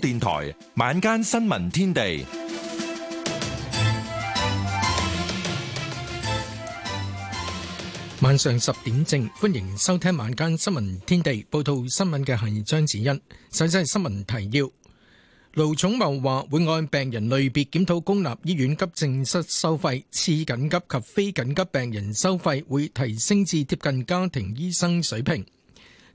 電台晚間新聞天地，晚上十點正，歡迎收聽晚間新聞天地。報道新聞嘅係張子欣，首先係新聞提要。盧寵茂話會按病人類別檢討公立醫院急症室收費，次緊急及非緊急病人收費會提升至貼近家庭醫生水平。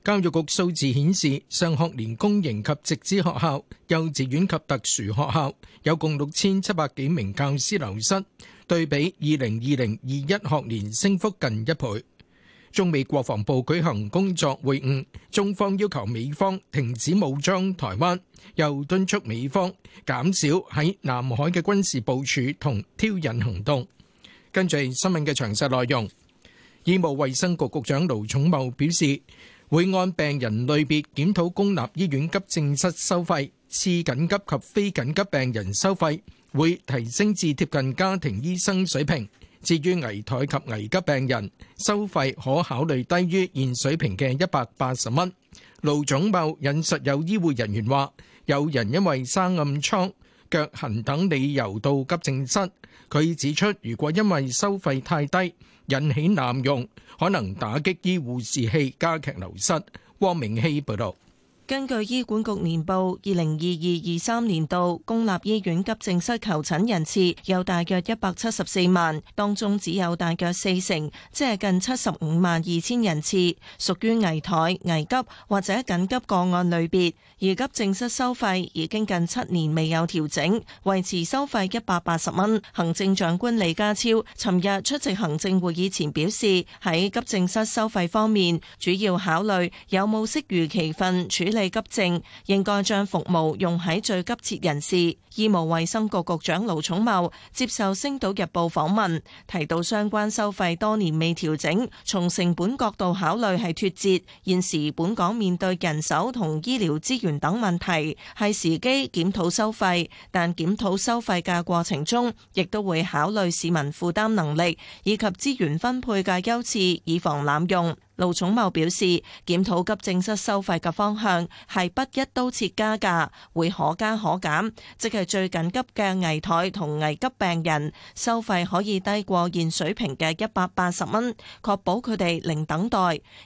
教育局數字顯示，上學年公營及直資學校、幼稚園及特殊學校有共六千七百幾名教師流失，對比二零二零二一學年升幅近一倍。中美國防部舉行工作會晤，中方要求美方停止武裝台灣，又敦促美方減少喺南海嘅軍事部署同挑釁行動。跟住新聞嘅詳細內容，醫務衛生局局長盧寵茂表示。會按病人類別檢討公立醫院急症室收費，次緊急及非緊急病人收費會提升至貼近家庭醫生水平。至於危殆及危急病人，收費可考慮低於現水平嘅一百八十蚊。盧寵茂引述有醫護人員話：有人因為生暗瘡、腳痕等理由到急症室。佢指出，如果因為收費太低，引起濫用，可能打擊醫護士氣，加劇流失。汪明熙報道。根據醫管局年報，二零二二二三年度公立醫院急症室求診人次有大約一百七十四萬，當中只有大約四成，即係近七十五萬二千人次，屬於危殆、危急或者緊急個案類別。而急症室收費已經近七年未有調整，維持收費一百八十蚊。行政長官李家超尋日出席行政會議前表示，喺急症室收費方面，主要考慮有冇適如其分處理。被急症，應該將服務用喺最急切人士。醫務衛生局局長盧寵茂接受《星島日報》訪問提到相關收費多年未調整，從成本角度考慮係脫節，現時本港面對人手同醫療資源等問題，係時機檢討收費，但檢討收費嘅過程中，亦都會考慮市民負擔能力以及資源分配嘅優次，以防濫用。盧寵茂表示，檢討急症室收費嘅方向係不一刀切加價，會可加可減，即係最緊急嘅危殆同危急病人收費可以低過現水平嘅一百八十蚊，確保佢哋零等待；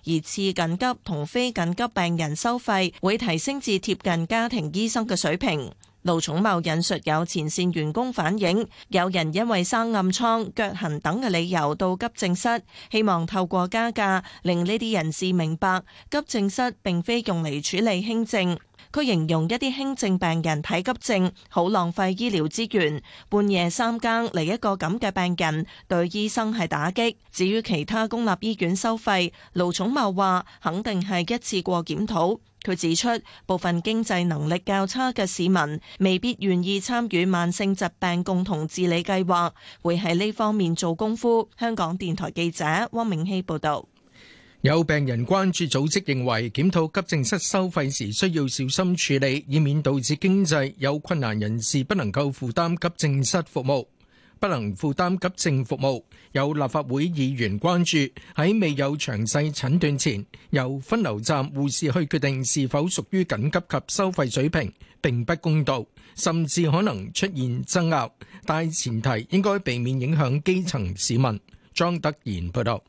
而次緊急同非緊急病人收費會提升至貼近家庭醫生嘅水平。盧寵茂引述有前線員工反映，有人因為生暗瘡、腳痕等嘅理由到急症室，希望透過加價令呢啲人士明白，急症室並非用嚟處理輕症。佢形容一啲輕症病人睇急症好浪費醫療資源，半夜三更嚟一個咁嘅病人，對醫生係打擊。至於其他公立醫院收費，盧寵茂話肯定係一次過檢討。佢指出，部分經濟能力較差嘅市民未必願意參與慢性疾病共同治理計劃，會喺呢方面做功夫。香港電台記者汪明希報道，有病人關注組織認為檢討急症室收費時需要小心處理，以免導致經濟有困難人士不能夠負擔急症室服務。不能負擔急症服務，有立法會議員關注喺未有詳細診斷前，由分流站護士去決定是否屬於緊急及收費水平並不公道，甚至可能出現爭拗。但前提應該避免影響基層市民。莊德賢報道，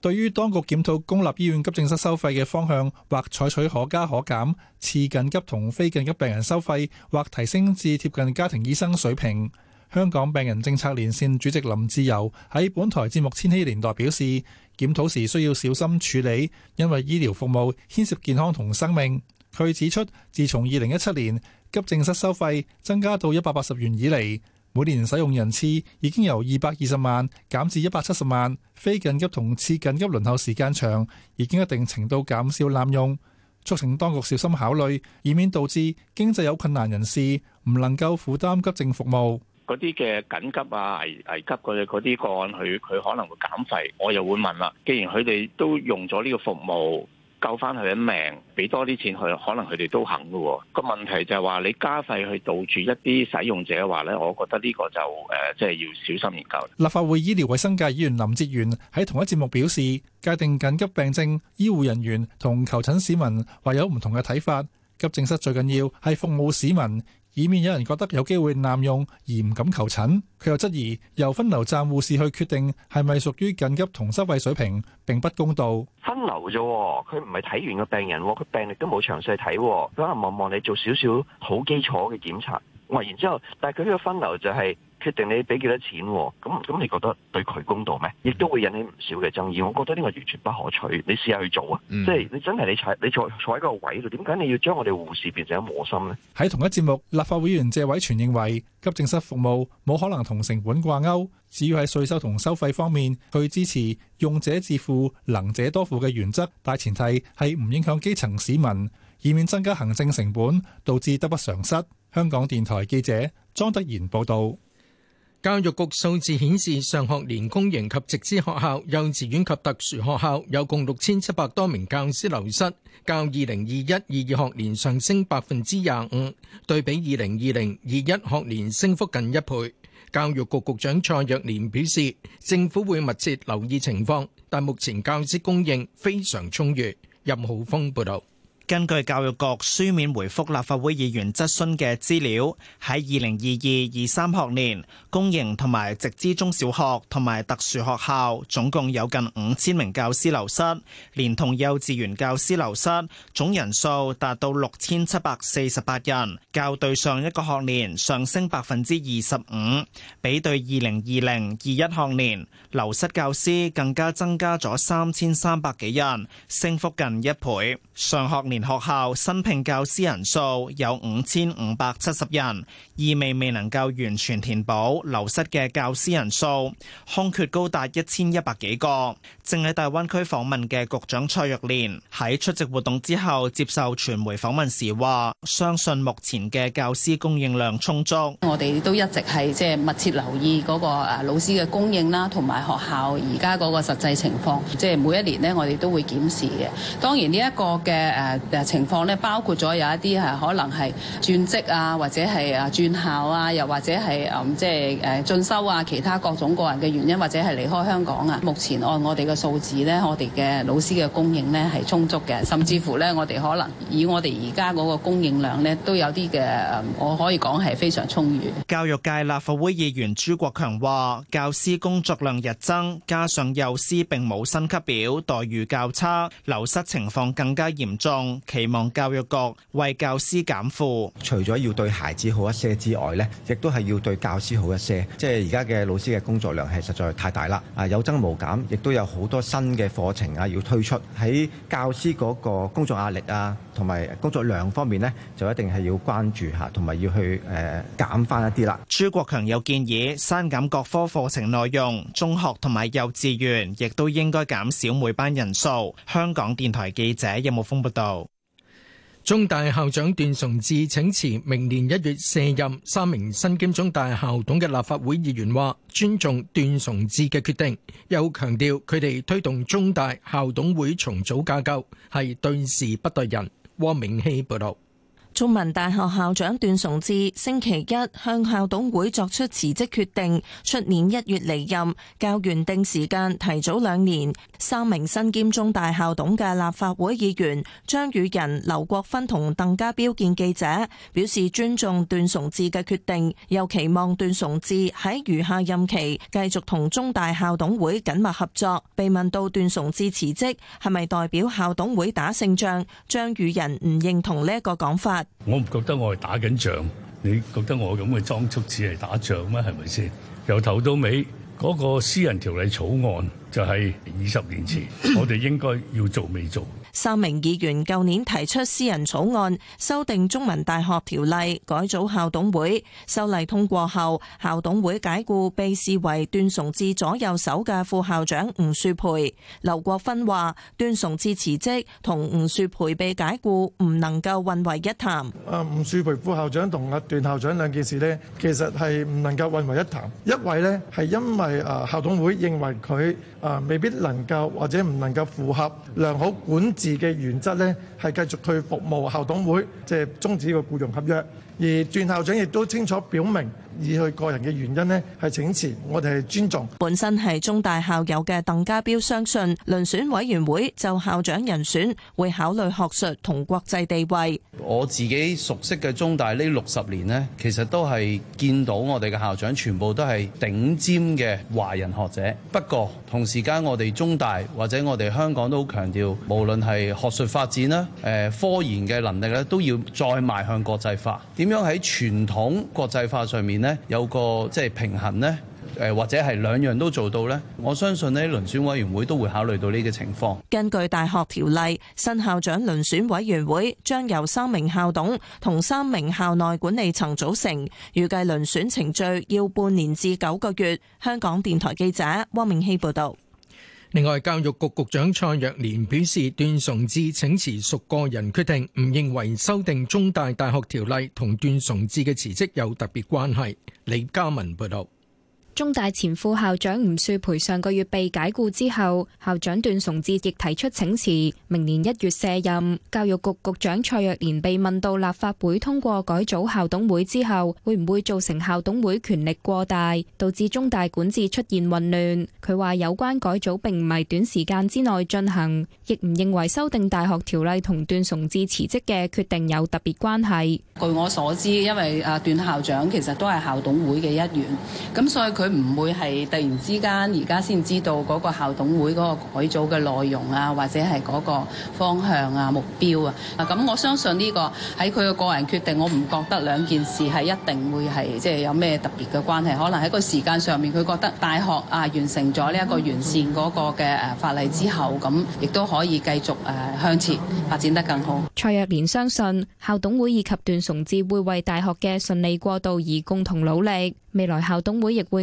對於當局檢討公立醫院急症室收費嘅方向，或採取可加可減，次緊急同非緊急病人收費或提升至貼近家庭醫生水平。香港病人政策連線主席林志友喺本台節目《千禧年代》表示，檢討時需要小心處理，因為醫療服務牽涉健康同生命。佢指出，自從二零一七年急症室收費增加到一百八十元以嚟，每年使用人次已經由二百二十萬減至一百七十萬，非緊急同次緊急輪候時間長，已經一定程度減少濫用。促請當局小心考慮，以免導致經濟有困難人士唔能夠負擔急症服務。嗰啲嘅緊急啊、危危急嗰啲嗰個案，佢佢可能會減費，我又會問啦。既然佢哋都用咗呢個服務救翻佢嘅命，俾多啲錢佢，可能佢哋都肯噶。個問題就係話你加費去導致一啲使用者話咧，我覺得呢個就誒，即係要小心研究。立法會醫療衞生界議員林哲元喺同一節目表示，界定緊急病症，醫護人員同求診市民話有唔同嘅睇法，急症室最緊要係服務市民，以免有人覺得有機會濫用而唔敢求診，佢又質疑由分流站護士去決定係咪屬於緊急同收費水平並不公道。分流啫，佢唔係睇完個病人，佢病歷都冇詳細睇，佢可能望望你做少少好基礎嘅檢查。哇！然之後，但係佢呢個分流就係、是。決定你俾幾多錢咁咁，你覺得對佢公道咩？亦都會引起唔少嘅爭議。我覺得呢個完全不可取。你試下去做啊，即係你真係你坐你坐坐喺個位度，點解你要將我哋護士變成磨心呢？喺同一節目，立法會議員謝偉全認為急症室服務冇可能同成本掛鈎，只要喺稅收同收費方面去支持用者自付、能者多付嘅原則，大前提係唔影響基層市民，以免增加行政成本，導致得不償失。香港電台記者莊德賢報道。教育局數字顯示，上學年公營及直資學校、幼稚園及特殊學校有共六千七百多名教師流失，較二零二一二二學年上升百分之廿五，對比二零二零二一學年升幅近一倍。教育局局長蔡若蓮表示，政府會密切留意情況，但目前教師供應非常充裕。任浩峰報道。根據教育局書面回復立法會議員質詢嘅資料，喺二零二二、二三學年，公營同埋直資中小學同埋特殊學校總共有近五千名教師流失，連同幼稚園教師流失，總人數達到六千七百四十八人，較對上一個學年上升百分之二十五，比對二零二零、二一學年流失教師更加增加咗三千三百幾人，升幅近一倍。上學年學校新聘教師人數有五千五百七十人，意味未能夠完全填補流失嘅教師人數，空缺高達一千一百幾個。正喺大灣區訪問嘅局長蔡若蓮喺出席活動之後接受傳媒訪問時話，相信目前嘅教師供應量充足。我哋都一直係即係密切留意嗰個誒老師嘅供應啦，同埋學校而家嗰個實際情況，即係每一年咧我哋都會檢視嘅。當然呢一個嘅誒。誒情況咧，包括咗有一啲誒可能係轉職啊，或者係誒轉校啊，又或者係誒即係誒進修啊，其他各種個人嘅原因，或者係離開香港啊。目前按我哋嘅數字呢，我哋嘅老師嘅供應呢係充足嘅，甚至乎呢，我哋可能以我哋而家嗰個供應量呢，都有啲嘅，我可以講係非常充裕。教育界立法會議員朱國強話：教師工作量日增，加上幼師並冇薪級表，待遇較差，流失情況更加嚴重。期望教育局為教師減負，除咗要對孩子好一些之外咧，亦都係要對教師好一些。即係而家嘅老師嘅工作量係實在太大啦，啊有增無減，亦都有好多新嘅課程啊要推出，喺教師嗰個工作壓力啊同埋工作量方面咧，就一定係要關注下，同埋要去誒減翻一啲啦。朱國強有建議刪減各科課程內容，中學同埋幼稚園亦都應該減少每班人數。香港電台記者任木峰報道。中大校長段崇智請辭，明年一月卸任。三名身兼中大校董嘅立法會議員話尊重段崇智嘅決定，又強調佢哋推動中大校董會重組架構，係對事不對人。汪明希報道。中文大學校長段崇智星期一向校董會作出辭職決定，出年一月離任，較原定時間提早兩年。三名身兼中大校董嘅立法會議員張宇人、劉國勳同鄧家彪見記者，表示尊重段崇智嘅決定，又期望段崇智喺餘下任期繼續同中大校董會緊密合作。被問到段崇智辭職係咪代表校董會打勝仗，張宇人唔認同呢一個講法。我唔覺得我係打緊仗，你覺得我咁嘅裝束似係打仗咩？係咪先？由頭到尾嗰個私人條例草案就係二十年前，我哋應該要做未做。三名議員舊年提出私人草案，修訂中文大學條例，改組校董會。修例通過後，校董會解雇被視為段崇志左右手嘅副校長吳樹培。劉國芬話：段崇志辭職同吳樹培被解雇唔能夠混為一談。啊，吳樹培副校長同阿段校長兩件事呢，其實係唔能夠混為一談。一位呢，係因為啊校董會認為佢啊未必能夠或者唔能夠符合良好管。自己嘅原則咧係繼續去服務校董會，即係終止個僱傭合約。而段校長亦都清楚表明。以佢個人嘅原因呢係請辭，我哋係尊重。本身係中大校友嘅鄧家彪相信，遴選委員會就校長人選會考慮學術同國際地位。我自己熟悉嘅中大呢，六十年呢，其實都係見到我哋嘅校長全部都係頂尖嘅華人學者。不過同時間，我哋中大或者我哋香港都好強調，無論係學術發展啦，誒科研嘅能力咧，都要再邁向國際化。點樣喺傳統國際化上面？咧有個即係平衡呢，誒或者係兩樣都做到呢。我相信呢遴選委員會都會考慮到呢個情況。根據大學條例，新校長遴選委員會將由三名校董同三名校內管理層組成，預計遴選程序要半年至九個月。香港電台記者汪明熙報導。另外，教育局局長蔡若蓮表示，段崇智請辭屬個人決定，唔認為修訂中大大學條例同段崇智嘅辭職有特別關係。李嘉文報道。中大前副校長吳樹培上個月被解雇之後，校長段崇智亦提出請辭，明年一月卸任。教育局局長蔡若蓮被問到立法會通過改組校董會之後，會唔會造成校董會權力過大，導致中大管治出現混亂？佢話有關改組並唔係短時間之內進行，亦唔認為修訂大學條例同段崇智辭職嘅決定有特別關係。據我所知，因為啊段校長其實都係校董會嘅一員，咁所以佢。佢唔會係突然之間而家先知道嗰個校董會嗰個改組嘅內容啊，或者係嗰個方向啊，目標啊。啊，咁我相信呢個喺佢嘅個人決定，我唔覺得兩件事係一定會係即係有咩特別嘅關係，可能喺個時間上面，佢覺得大學啊完成咗呢一個完善嗰個嘅誒法例之後，咁亦都可以繼續誒向前發展得更好。蔡若蓮相信校董會以及段崇智會為大學嘅順利過渡而共同努力。未來校董會亦會。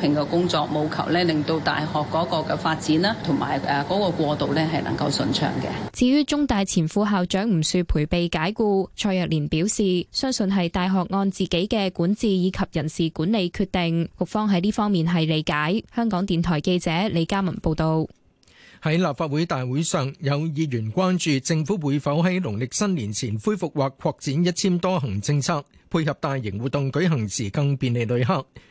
嘅工作，務求咧令到大學嗰個嘅發展啦，同埋誒嗰個過渡咧係能夠順暢嘅。至於中大前副校長吳樹培被解僱，蔡若蓮表示相信係大學按自己嘅管治以及人事管理決定，局方喺呢方面係理解。香港電台記者李嘉文報道。喺立法會大會上，有議員關注政府會否喺農曆新年前恢復或擴展一簽多行政策，配合大型活動舉行時更便利旅客。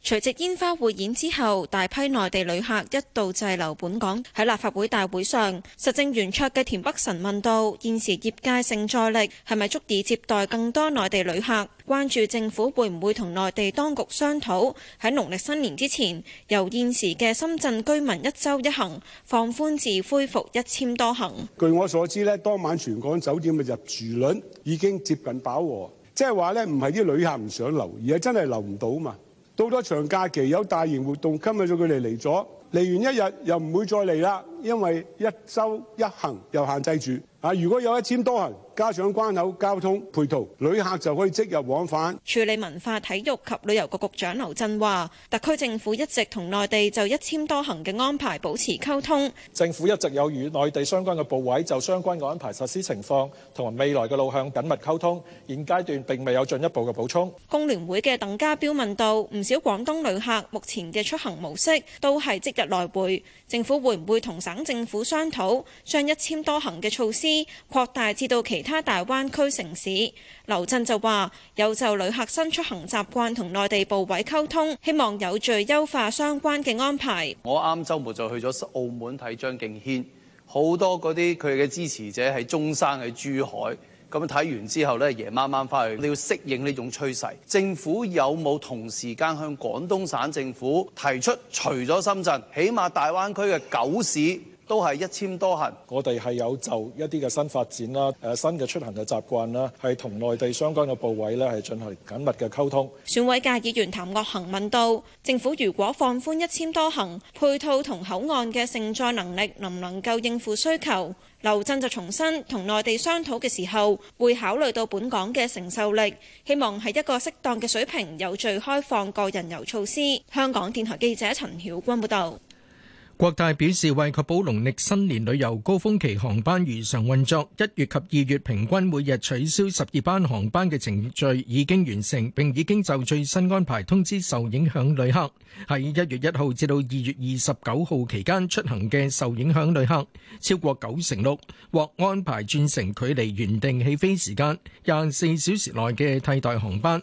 除夕煙花匯演之後，大批內地旅客一度滯留本港。喺立法會大會上，實政圓桌嘅田北辰問到：現時業界承載力係咪足以接待更多內地旅客？關注政府會唔會同內地當局商討喺農曆新年之前，由現時嘅深圳居民一周一行放寬至恢復一簽多行？據我所知呢當晚全港酒店嘅入住率已經接近飽和，即係話呢，唔係啲旅客唔想留，而係真係留唔到嘛。到咗長假期有大型活動，吸引咗佢哋嚟咗，嚟完一日又唔會再嚟啦，因為一周一行又限制住，啊，如果有一簽多行。加上關口交通配套，旅客就可以即日往返。處理文化體育及旅遊局局長劉振話：特區政府一直同內地就一簽多行嘅安排保持溝通。政府一直有與內地相關嘅部委就相關嘅安排實施情況同埋未來嘅路向緊密溝通，現階段並未有進一步嘅補充。工聯會嘅鄧家彪問到：唔少廣東旅客目前嘅出行模式都係即日來回，政府會唔會同省政府商討，將一簽多行嘅措施擴大至到其其他大灣區城市，劉振就話：有就旅客新出行習慣同內地部委溝通，希望有序優化相關嘅安排。我啱週末就去咗澳門睇張敬軒，好多嗰啲佢嘅支持者喺中山、喺珠海，咁睇完之後咧，夜晚晚翻去，你要適應呢種趨勢。政府有冇同時間向廣東省政府提出，除咗深圳，起碼大灣區嘅九市？都係一簽多行，我哋係有就一啲嘅新發展啦，誒新嘅出行嘅習慣啦，係同內地相關嘅部委呢係進行緊密嘅溝通。選委界議員譚岳衡問到，政府如果放寬一簽多行配套同口岸嘅承載能力，能唔能夠應付需求？劉震就重申，同內地商討嘅時候會考慮到本港嘅承受力，希望係一個適當嘅水平，有序開放個人遊措施。香港電台記者陳曉君報道。國泰表示，為確保農曆新年旅遊高峰期航班如常運作，一月及二月平均每日取消十二班航班嘅程序已經完成，並已經就最新安排通知受影響旅客。喺一月一號至到二月二十九號期間出行嘅受影響旅客，超過九成六獲安排轉乘距離原定起飛時間廿四小時內嘅替代航班。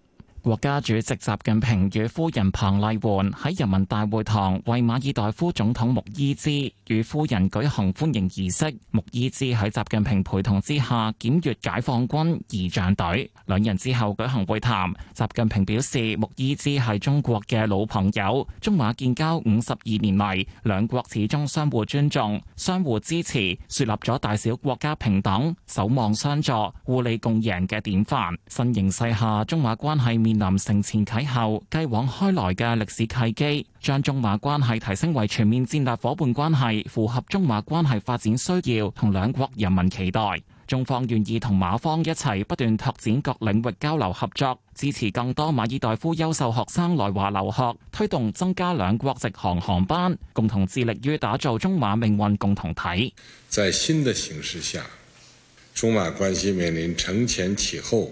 國家主席習近平與夫人彭麗媛喺人民大會堂為馬爾代夫總統穆伊茲與夫人舉行歡迎儀式。穆伊茲喺習近平陪同之下檢閱解放軍儀仗隊，兩人之後舉行會談。習近平表示，穆伊茲係中國嘅老朋友，中馬建交五十二年嚟，兩國始終相互尊重、相互支持，樹立咗大小國家平等、守望相助、互利共贏嘅典範。新形勢下，中馬關係面面臨承前啟後、繼往開來嘅歷史契機，將中馬關係提升為全面戰略夥伴關係，符合中馬關係發展需要同兩國人民期待。中方願意同馬方一齊不斷拓展各領域交流合作，支持更多馬爾代夫優秀學生來華留學，推動增加兩國直航航班，共同致力於打造中馬命運共同體。在新的形勢下，中馬關係面臨承前啟後。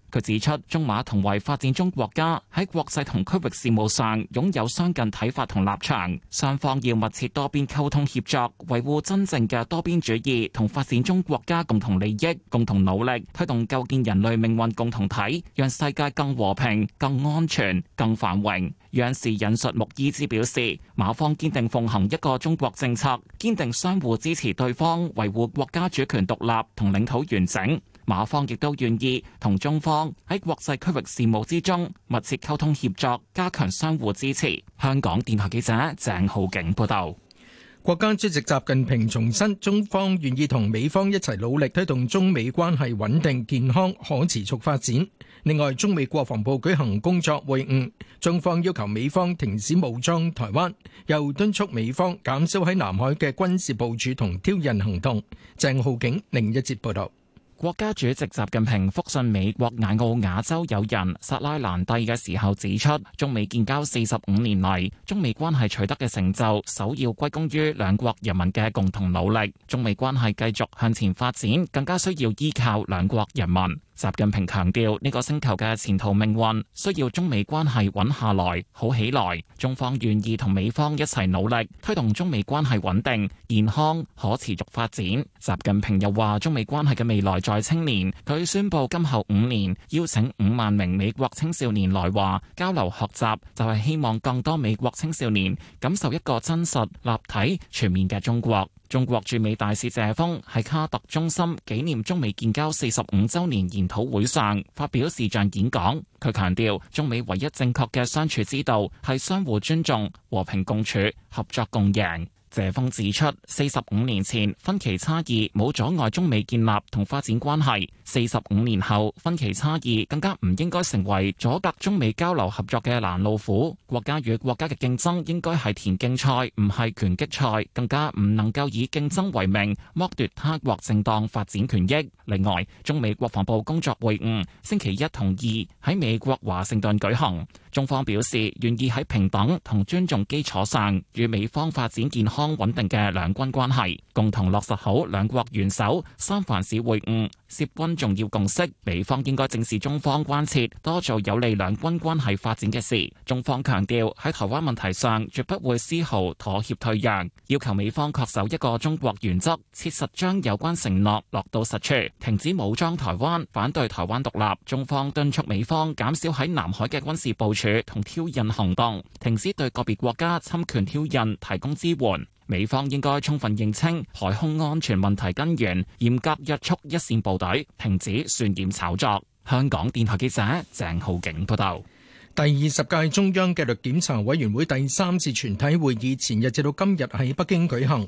佢指出，中馬同為發展中國家，喺國際同區域事務上擁有相近睇法同立場，雙方要密切多邊溝通協作，維護真正嘅多邊主義，同發展中國家共同利益、共同努力，推動構建人類命運共同體，讓世界更和平、更安全、更繁榮。央視引述穆伊茲表示，馬方堅定奉行一個中國政策，堅定相互支持對方，維護國家主權獨立同領土完整。馬方亦都願意同中方喺國際區域事務之中密切溝通協作，加強相互支持。香港電台記者鄭浩景報道。國家主席習近平重申，中方願意同美方一齊努力，推動中美關係穩定健康可持續發展。另外，中美國防部舉行工作會晤，中方要求美方停止武裝台灣，又敦促美方減少喺南海嘅軍事部署同挑釁行動。鄭浩景另一節報道。國家主席習近平復信美國艾奧瓦州友人薩拉蘭蒂嘅時候指出，中美建交四十五年嚟，中美關係取得嘅成就，首要歸功於兩國人民嘅共同努力。中美關係繼續向前發展，更加需要依靠兩國人民。習近平強調，呢個星球嘅前途命運需要中美關係穩下來、好起來，中方願意同美方一齊努力，推動中美關係穩定、健康、可持續發展。習近平又話，中美關係嘅未來在青年。佢宣布，今後五年邀請五萬名美國青少年來華交流學習，就係希望更多美國青少年感受一個真實、立體、全面嘅中國。中國駐美大使謝鋒喺卡特中心紀念中美建交四十五周年研討會上發表視像演講，佢強調中美唯一正確嘅相處之道係相互尊重、和平共處、合作共贏。謝鋒指出，四十五年前分歧差異冇阻礙中美建立同發展關係，四十五年後分歧差異更加唔應該成為阻隔中美交流合作嘅攔路虎。國家與國家嘅競爭應該係田徑賽，唔係拳擊賽，更加唔能夠以競爭為名剝奪他國正當發展權益。另外，中美國防部工作會晤星期一同二喺美國華盛頓舉行。中方表示願意喺平等同尊重基礎上，與美方發展健康穩定嘅兩軍關係，共同落實好兩國元首三藩市會晤涉軍重要共識，美方應該正視中方關切，多做有利兩軍關係發展嘅事。中方強調喺台灣問題上絕不會絲毫妥協退讓，要求美方恪守一個中國原則，切實將有關承諾落到實處，停止武裝台灣、反對台灣獨立。中方敦促美方減少喺南海嘅軍事部署同挑釁行動，停止對個別國家侵權挑釁，提供支援。美方應該充分認清海空安全問題根源，嚴格約束一線部隊，停止渲染炒作。香港電台記者鄭浩景報道，第二十屆中央紀律檢查委員會第三次全體會議前日至到今日喺北京舉行。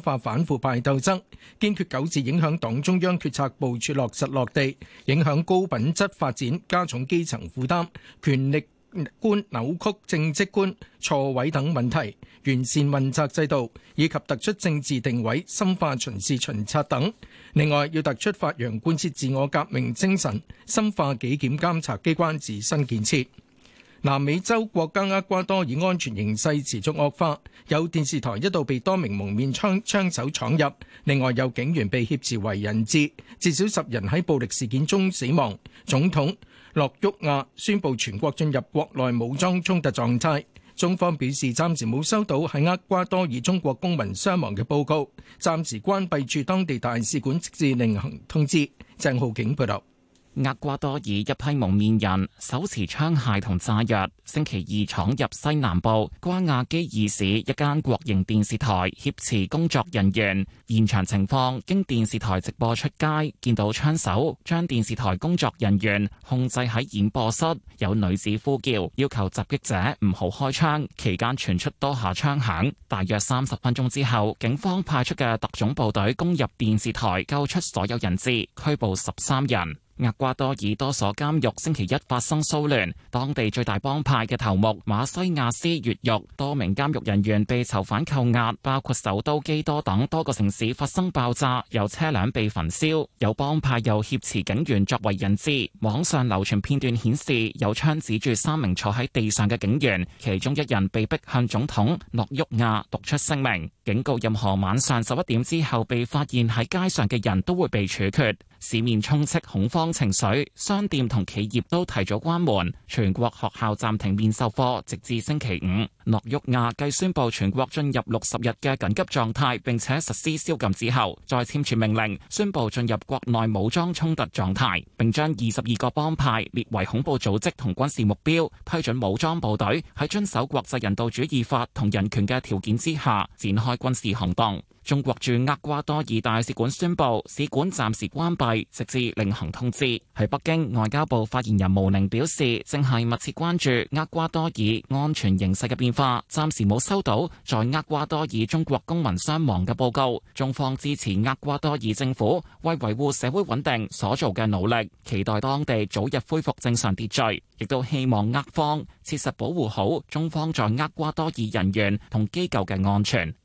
化反腐敗鬥爭，堅決糾治影響黨中央決策部署落實落地、影響高品質發展、加重基層負擔、權力觀扭曲、政績觀錯位等問題，完善問責制度以及突出政治定位，深化巡視巡察等。另外，要突出發揚貫徹自我革命精神，深化紀檢監察機關自身建設。南美洲國家厄瓜多爾安全形勢持續惡化，有電視台一度被多名蒙面槍槍手闖入，另外有警員被挾持為人質，至少十人喺暴力事件中死亡。總統洛沃亞宣布全國進入國內武裝衝突狀態。中方表示暫時冇收到喺厄瓜多爾中國公民傷亡嘅報告，暫時關閉駐當地大使館直至另行通知。鄭浩景報道。厄瓜多爾一批蒙面人手持槍械同炸藥，星期二闖入西南部瓜亞基爾市一間國營電視台，挾持工作人員。現場情況經電視台直播出街，見到槍手將電視台工作人員控制喺演播室。有女子呼叫要求襲擊者唔好開槍，期間傳出多下槍響。大約三十分鐘之後，警方派出嘅特種部隊攻入電視台，救出所有人質，拘捕十三人。厄瓜多爾多所監獄星期一發生騷亂，當地最大幫派嘅頭目馬西亞斯越獄，多名監獄人員被囚犯扣押，包括首都基多等多個城市發生爆炸，有車輛被焚燒，有幫派又挾持警員作為人質。網上流傳片段顯示，有槍指住三名坐喺地上嘅警員，其中一人被逼向總統諾沃亞讀出聲明，警告任何晚上十一點之後被發現喺街上嘅人都會被處決。市面充斥恐慌情緒，商店同企業都提早關門，全國學校暫停面授課直至星期五。諾沃亞繼宣布全國進入六十日嘅緊急狀態，並且實施宵禁之後再簽署命令，宣布進入國內武裝衝突狀態，並將二十二個幫派列為恐怖組織同軍事目標，批准武裝部隊喺遵守國際人道主義法同人權嘅條件之下，展開軍事行動。中國駐厄瓜多爾大使館宣布，使館暫時關閉，直至另行通知。喺北京，外交部發言人毛寧表示，正係密切關注厄瓜多爾安全形勢嘅變化，暫時冇收到在厄瓜多爾中國公民傷亡嘅報告。中方支持厄瓜多爾政府為維護社會穩定所做嘅努力，期待當地早日恢復正常秩序，亦都希望厄方切實保護好中方在厄瓜多爾人員同機構嘅安全。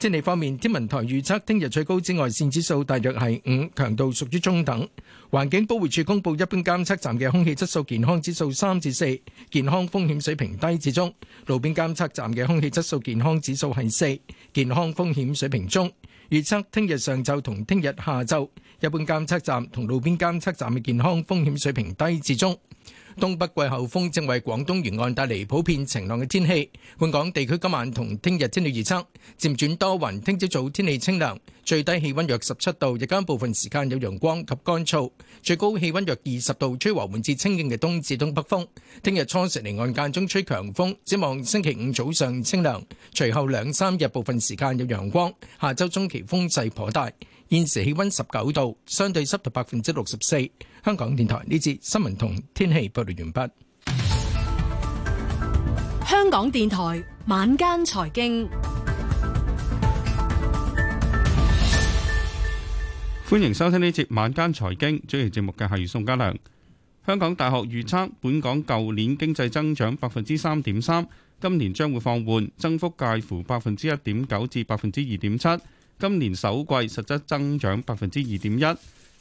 天氣方面，天文台預測聽日最高紫外線指數大約係五，強度屬於中等。環境保護署公布一般監測站嘅空氣質素健康指數三至四，健康風險水平低至中；路邊監測站嘅空氣質素健康指數係四，健康風險水平中。預測聽日上晝同聽日下晝，一般監測站同路邊監測站嘅健康風險水平低至中。東北季候風正為廣東沿岸帶嚟普遍晴朗嘅天氣。本港地區今晚同聽日天氣預測漸轉多雲，聽朝早天氣清涼，最低氣溫約十七度，日間部分時間有陽光及乾燥，最高氣溫約二十度，吹和緩至清勁嘅東至東北風。聽日初時離岸間中吹強風，展望星期五早上清涼，隨後兩三日部分時間有陽光，下周中期風勢頗大。現時氣溫十九度，相對濕度百分之六十四。香港電台呢節新聞同天氣報道完畢。香港電台晚間財經，歡迎收聽呢節晚間財經。主持節目嘅係宋家良。香港大學預測本港舊年經濟增長百分之三點三，今年將會放緩，增幅，介乎百分之一點九至百分之二點七。今年首季實質增長百分之二點一。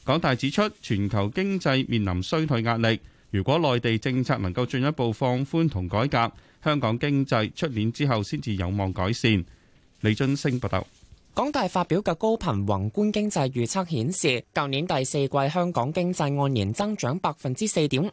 港大指出，全球經濟面臨衰退壓力，如果內地政策能夠進一步放寬同改革，香港經濟出年之後先至有望改善。李俊升報道。港大發表嘅高頻宏觀經濟預測顯示，舊年第四季香港經濟按年增長百分之四點五，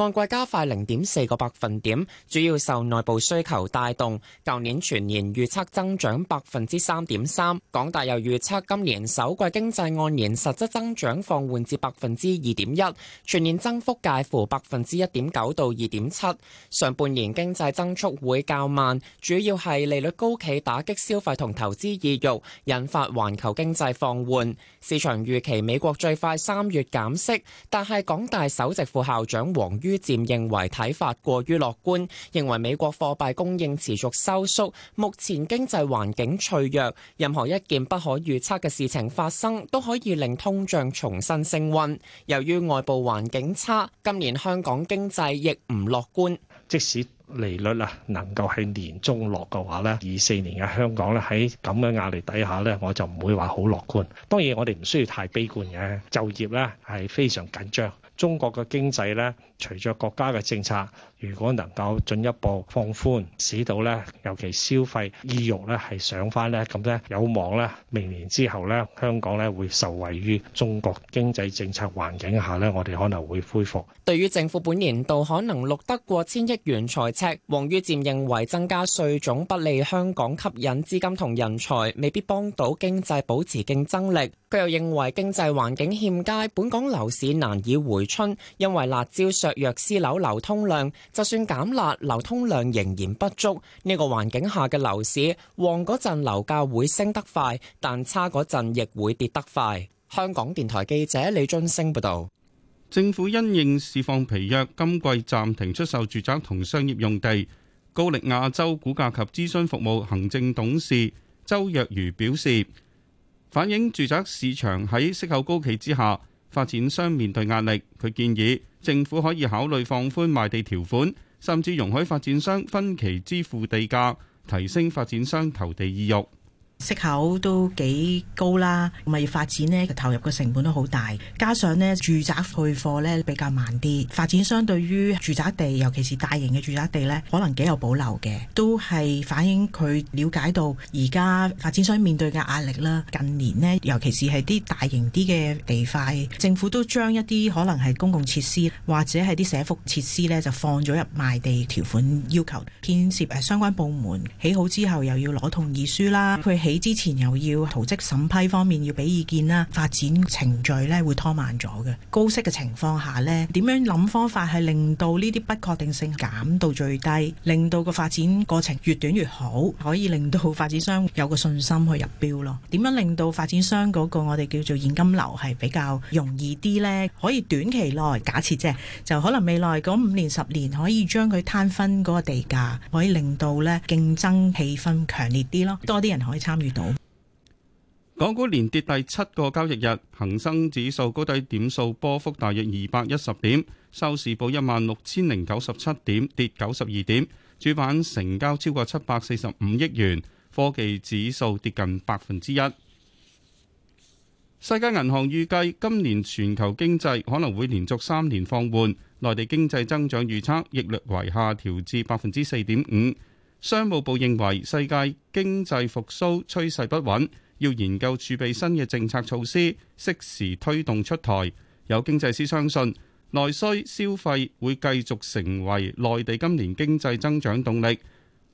按季加快零點四個百分點，主要受內部需求帶動。舊年全年預測增長百分之三點三，港大又預測今年首季經濟按年實質增長放緩至百分之二點一，全年增幅介乎百分之一點九到二點七。上半年經濟增速會較慢，主要係利率高企打擊消費同投資意欲。引發環球經濟放緩，市場預期美國最快三月減息，但係港大首席副校長黃于漸認為睇法過於樂觀，認為美國貨幣供應持續收縮，目前經濟環境脆弱，任何一件不可預測嘅事情發生，都可以令通脹重新升温。由於外部環境差，今年香港經濟亦唔樂觀。即使利率啊能夠喺年中落嘅話咧，二四年嘅香港咧喺咁嘅壓力底下咧，我就唔會話好樂觀。當然我哋唔需要太悲觀嘅，就業咧係非常緊張，中國嘅經濟咧。隨著國家嘅政策，如果能夠進一步放寬，使到咧，尤其消費意欲咧係上返咧，咁咧有望咧明年之後咧，香港咧會受惠於中國經濟政策環境下咧，我哋可能會恢復。對於政府本年度可能錄得過千億元財赤，王于漸認為增加稅種不利香港吸引資金同人才，未必幫到經濟保持競爭力。佢又認為經濟環境欠佳，本港樓市難以回春，因為辣招上。若私樓流通量就算減辣，流通量仍然不足。呢個環境下嘅樓市旺嗰陣樓價會升得快，但差嗰陣亦會跌得快。香港電台記者李津升報道。政府因應釋放疲弱，今季暫停出售住宅同商業用地。高力亞洲股價及諮詢服務行政董事周若如表示，反映住宅市場喺息口高企之下，發展商面對壓力。佢建議。政府可以考慮放寬賣地條款，甚至容許發展商分期支付地價，提升發展商投地意欲。息口都幾高啦，咪發展咧，投入嘅成本都好大，加上咧住宅配貨咧比較慢啲，發展商對於住宅地，尤其是大型嘅住宅地咧，可能幾有保留嘅，都係反映佢了解到而家發展商面對嘅壓力啦。近年咧，尤其是係啲大型啲嘅地塊，政府都將一啲可能係公共設施或者係啲社福設施咧，就放咗入賣地條款要求建設誒相關部門起好之後又要攞同意書啦，佢起。之前又要圖則審批方面要俾意見啦，發展程序咧會拖慢咗嘅。高息嘅情況下咧，點樣諗方法係令到呢啲不確定性減到最低，令到個發展過程越短越好，可以令到發展商有個信心去入標咯。點樣令到發展商嗰個我哋叫做現金流係比較容易啲咧？可以短期內假設啫，就可能未來嗰五年十年可以將佢攤分嗰個地價，可以令到咧競爭氣氛強烈啲咯，多啲人可以參。港股連跌第七個交易日，恒生指數高低點數波幅大約二百一十點，收市報一萬六千零九十七點，跌九十二點，主板成交超過七百四十五億元，科技指數跌近百分之一。世界銀行預計今年全球經濟可能會連續三年放緩，內地經濟增長預測亦略為下調至百分之四點五。商務部認為世界經濟復甦趨勢不穩，要研究儲備新嘅政策措施，適時推動出台。有經濟師相信內需消費會繼續成為內地今年經濟增長動力，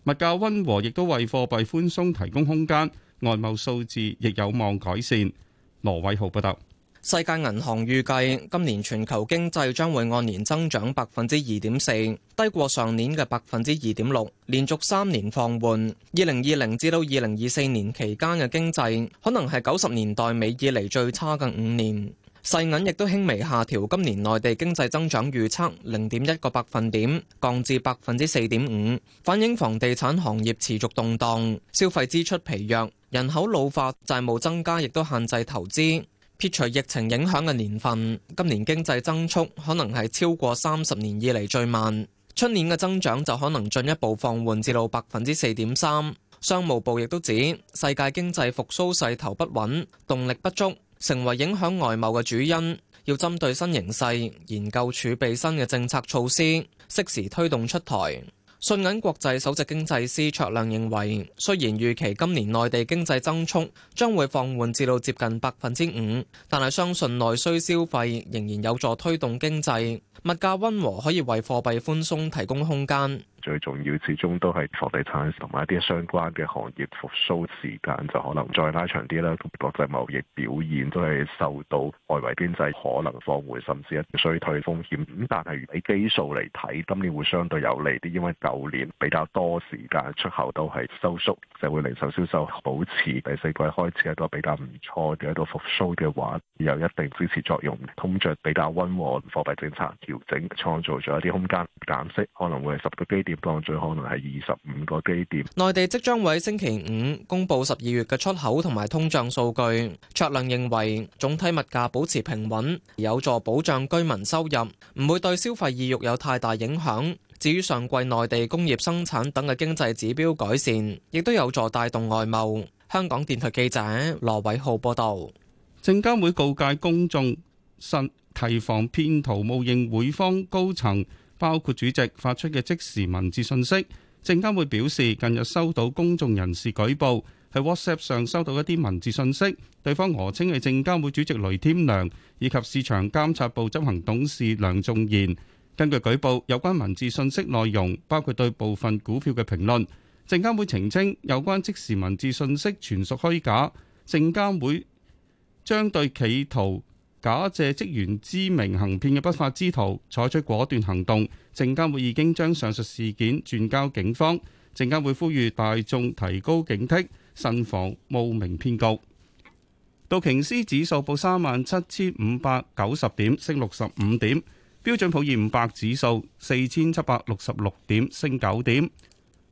物價溫和亦都為貨幣寬鬆提供空間，外貿數字亦有望改善。羅偉豪報道。世界銀行預計今年全球經濟將會按年增長百分之二點四，低過上年嘅百分之二點六，連續三年放緩。二零二零至到二零二四年期間嘅經濟可能係九十年代尾以嚟最差近五年。世銀亦都輕微下調今年內地經濟增長預測零點一個百分點，降至百分之四點五，反映房地產行業持續動盪、消費支出疲弱、人口老化、債務增加，亦都限制投資。撇除疫情影響嘅年份，今年經濟增速可能係超過三十年以嚟最慢，出年嘅增長就可能進一步放緩至到百分之四點三。商務部亦都指，世界經濟復蘇勢頭不穩，動力不足，成為影響外貿嘅主因，要針對新形勢研究儲備新嘅政策措施，適時推動出台。信銀國際首席經濟師卓亮認為，雖然預期今年內地經濟增速將會放緩至到接近百分之五，但係相信內需消費仍然有助推動經濟，物價溫和可以為貨幣寬鬆提供空間。最重要始終都係房地產同埋一啲相關嘅行業，復甦時間就可能再拉長啲啦。國際貿易表現都係受到外圍經濟可能放緩，甚至一衰退風險。咁但係以基數嚟睇，今年會相對有利啲，因為舊年比較多時間出口都係收縮，社會零售銷售保持第四季開始一個比較唔錯嘅一個復甦嘅話，有一定支持作用。通脹比較溫和，貨幣政策調整創造咗一啲空間，減息，可能會係十個基點。跌檔最可能係二十五個基點。內地即將喺星期五公布十二月嘅出口同埋通脹數據。卓亮認為總體物價保持平穩，有助保障居民收入，唔會對消費意欲有太大影響。至於上季內地工業生產等嘅經濟指標改善，亦都有助帶動外貿。香港電台記者羅偉浩報道。證監會告誡公眾慎提防騙徒冒認會方高層，包括主席發出嘅即時文字信息，證監會表示近日收到公眾人士舉報，喺 WhatsApp 上收到一啲文字信息，對方訛稱係證監會主席雷添良，以及市場監察部執行董事梁仲賢。根據舉報，有關文字信息內容包括對部分股票嘅評論。證監會澄清，有關即時文字信息全屬虛假，證監會將對企圖假借職員之名行騙嘅不法之徒，採取果斷行動。證監會已經將上述事件轉交警方。證監會呼籲大眾提高警惕，慎防冒名騙告。道瓊斯指數報三萬七千五百九十點，升六十五點；標準普爾五百指數四千七百六十六點，升九點；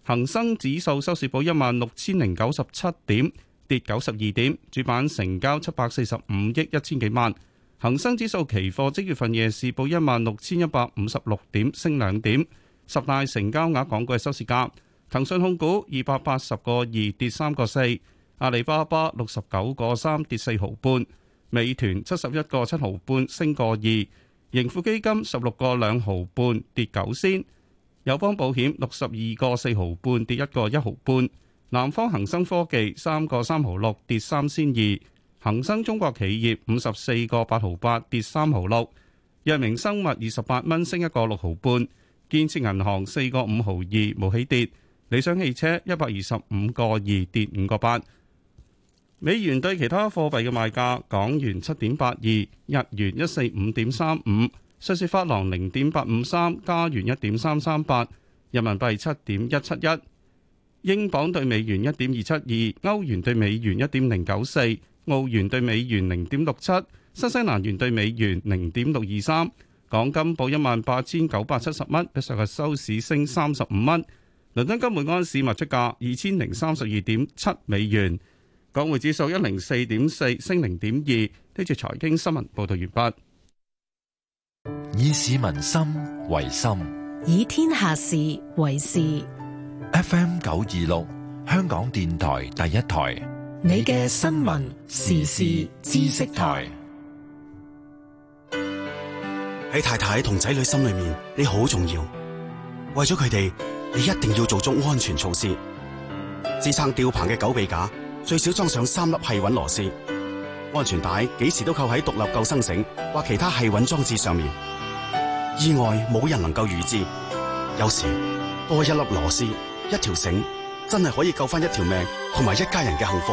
恒生指數收市報一萬六千零九十七點，跌九十二點。主板成交七百四十五億一千幾萬。恒生指數期貨即月份夜市報一萬六千一百五十六點，升兩點。十大成交額港股嘅收市價：騰訊控股二百八十個二跌三個四，阿里巴巴六十九個三跌四毫半，美團七十一個七毫半升個二，盈富基金十六個兩毫半跌九仙，友邦保險六十二個四毫半跌一個一毫半，南方恒生科技三個三毫六跌三仙二。恒生中國企業五十四個八毫八跌三毫六，藥明生物二十八蚊升一個六毫半，建設銀行四個五毫二冇起跌，理想汽車一百二十五個二跌五個八。美元對其他貨幣嘅賣價：港元七點八二，日元一四五點三五，瑞士法郎零點八五三，加元一點三三八，人民幣七點一七一，英鎊對美元一點二七二，歐元對美元一點零九四。澳元對美元零點六七，新西蘭元對美元零點六二三，港金報一萬八千九百七十蚊，比上日收市升三十五蚊。倫敦金每安市賣出價二千零三十二點七美元，港匯指數一零四點四升零點二。呢節財經新聞報道完畢。以市民心為心，以天下事為事。F.M. 九二六，香港電台第一台。你嘅新聞時事知識台。喺太太同仔女心裏面，你好重要。為咗佢哋，你一定要做足安全措施。自撐吊棚嘅狗臂架最少裝上三粒繫穩螺絲，安全帶幾時都扣喺獨立救生繩或其他繫穩裝置上面。意外冇人能夠預知，有時多一粒螺絲，一條繩，真係可以救翻一條命同埋一家人嘅幸福。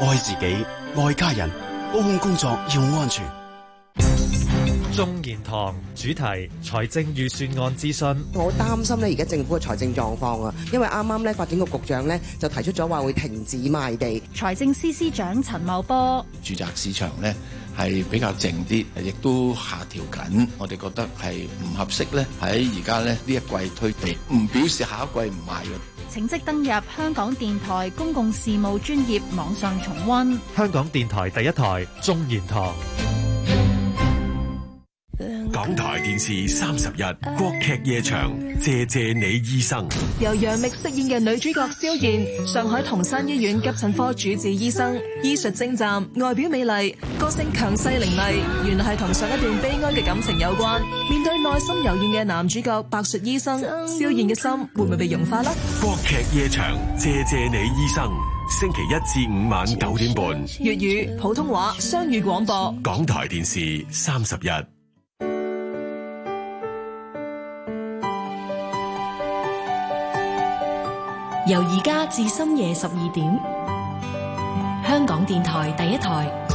愛自己，愛家人，高空工作要安全。中研堂主題：財政預算案諮詢。我擔心咧，而家政府嘅財政狀況啊，因為啱啱咧，發展局局長咧就提出咗話會停止賣地。財政司司長陳茂波，住宅市場咧係比較靜啲，亦都下調緊。我哋覺得係唔合適咧，喺而家咧呢一季推地，唔表示下一季唔賣嘅。請即登入香港電台公共事務專業網上重溫。香港電台第一台中研堂。港台電視三十日，國劇夜場，謝謝你醫生。由楊冪飾演嘅女主角蕭燕，上海同山醫院急診科主治醫生，醫術精湛，外表美麗，個性強勢凌厲。原來係同上一段悲哀嘅感情有關。面對內心柔軟嘅男主角白術醫生，蕭燕嘅心會唔會被融化呢？國劇夜場，謝謝你醫生。星期一至五晚九點半，粵語、普通話雙語廣播。港台電視三十日。由而家至深夜十二點，香港電台第一台。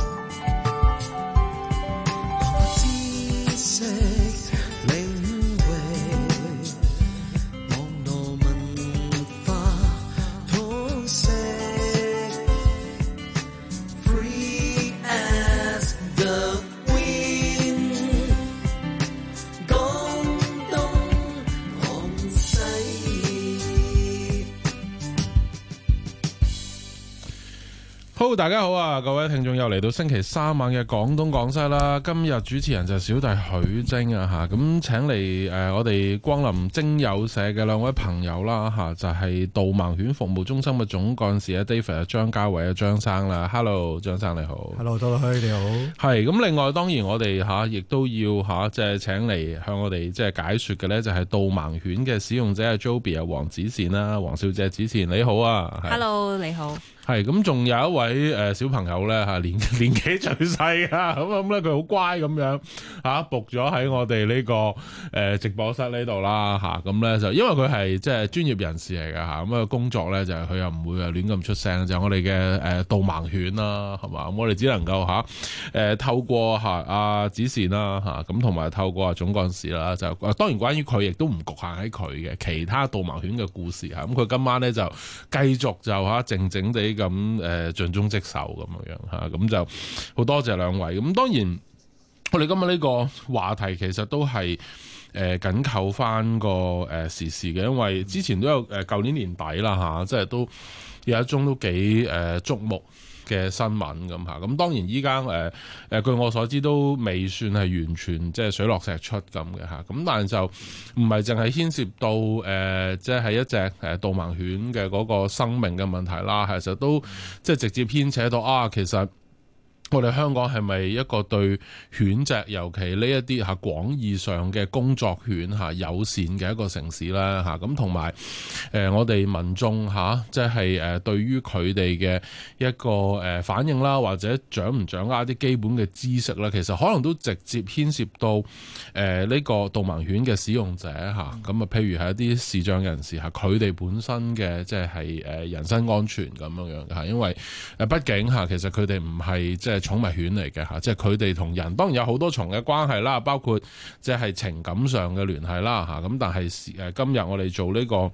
大家好啊！各位聽眾又嚟到星期三晚嘅廣東廣西啦。今日主持人就係小弟許晶啊吓，咁請嚟誒、呃，我哋光臨精友社嘅兩位朋友啦吓、啊，就係導盲犬服務中心嘅總幹事啊，David 張張啊，張家偉啊，張生啦。Hello，張生你好。Hello，杜律師你好。係咁，另外當然我哋吓，亦、啊、都要吓，即、啊、係請嚟向我哋即係解說嘅呢，就係導盲犬嘅使用者啊，Joby 啊，黃子善啦，黃、啊、小姐子善你好啊。Hello，你好。係咁，仲有一位誒小朋友咧吓，年年紀最細啊，咁咁咧佢好乖咁樣吓，伏咗喺我哋呢個誒直播室呢度啦吓，咁咧就因為佢係即係專業人士嚟噶吓，咁啊工作咧就佢又唔會啊亂咁出聲，就係我哋嘅誒導盲犬啦係嘛，咁我哋只能夠吓誒透過吓阿子善啦吓，咁同埋透過阿總幹事啦，就當然關於佢亦都唔局限喺佢嘅其他導盲犬嘅故事吓，咁佢今晚咧就繼續就吓靜靜哋。咁誒盡忠職守咁樣嚇，咁就好多謝兩位。咁當然我哋今日呢個話題其實都係誒、呃、緊扣翻個誒、呃、時事嘅，因為之前都有誒舊年年底啦嚇、啊，即係都有一宗都幾誒、呃、矚目嘅新聞咁嚇，咁當然依家誒誒、呃呃，據我所知都未算係完全即係水落石出咁嘅嚇，咁但係就唔係淨係牽涉到誒，即、呃、係、就是、一隻誒導盲犬嘅嗰個生命嘅問題啦，其實都即係直接牽扯到啊，其實。我哋香港係咪一個對犬隻尤其呢一啲吓廣義上嘅工作犬吓友善嘅一個城市咧吓，咁同埋誒我哋民眾吓即係誒對於佢哋嘅一個誒反應啦，或者掌唔掌握一啲基本嘅知識咧，其實可能都直接牽涉到誒呢、啊這個導盲犬嘅使用者吓，咁啊，譬如係一啲視障人士吓，佢、啊、哋本身嘅即係係誒人身安全咁樣樣樣吓，因為誒畢竟吓、啊，其實佢哋唔係即係。啊寵物犬嚟嘅吓，即係佢哋同人當然有好多重嘅關係啦，包括即係情感上嘅聯繫啦吓，咁但係誒今日我哋做呢個。